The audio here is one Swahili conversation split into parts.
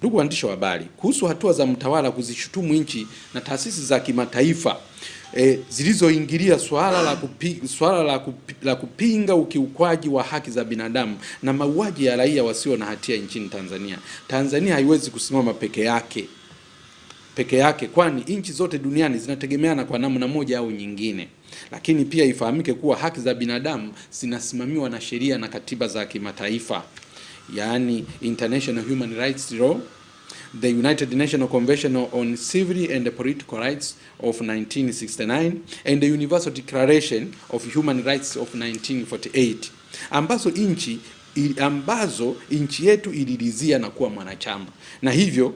Ndugu waandishi wa habari, kuhusu hatua za mtawala kuzishutumu nchi na taasisi za kimataifa e, zilizoingilia swala la kupi, swala la, kupi, la kupinga ukiukwaji wa haki za binadamu na mauaji ya raia wasio na hatia nchini Tanzania. Tanzania haiwezi kusimama peke yake peke yake, kwani nchi zote duniani zinategemeana kwa namna moja au nyingine. Lakini pia ifahamike kuwa haki za binadamu zinasimamiwa na sheria na katiba za kimataifa yaani International Human Rights Law, the United Nations Convention on Civil and Political Rights of 1969 and the Universal Declaration of Human Rights of 1948 ambazo nchi ambazo nchi yetu ililizia na kuwa mwanachama na hivyo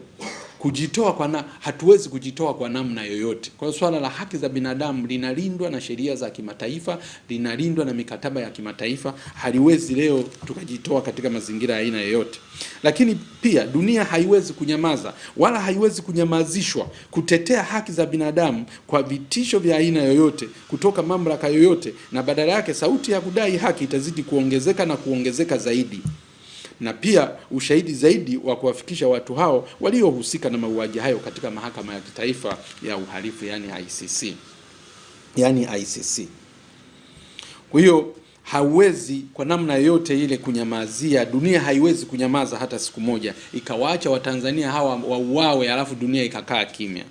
kujitoa kwa na, hatuwezi kujitoa kwa namna yoyote. Kwa hiyo swala la haki za binadamu linalindwa na sheria za kimataifa, linalindwa na mikataba ya kimataifa, haliwezi leo tukajitoa katika mazingira ya aina yoyote. Lakini pia dunia haiwezi kunyamaza wala haiwezi kunyamazishwa kutetea haki za binadamu kwa vitisho vya aina yoyote kutoka mamlaka yoyote, na badala yake sauti ya kudai haki itazidi kuongezeka na kuongezeka zaidi na pia ushahidi zaidi wa kuwafikisha watu hao waliohusika na mauaji hayo katika mahakama ya kitaifa ya uhalifu yani ICC, yani ICC. Kwa hiyo hauwezi kwa namna yoyote ile kunyamazia. Dunia haiwezi kunyamaza hata siku moja ikawaacha Watanzania hawa wauawe, halafu dunia ikakaa kimya.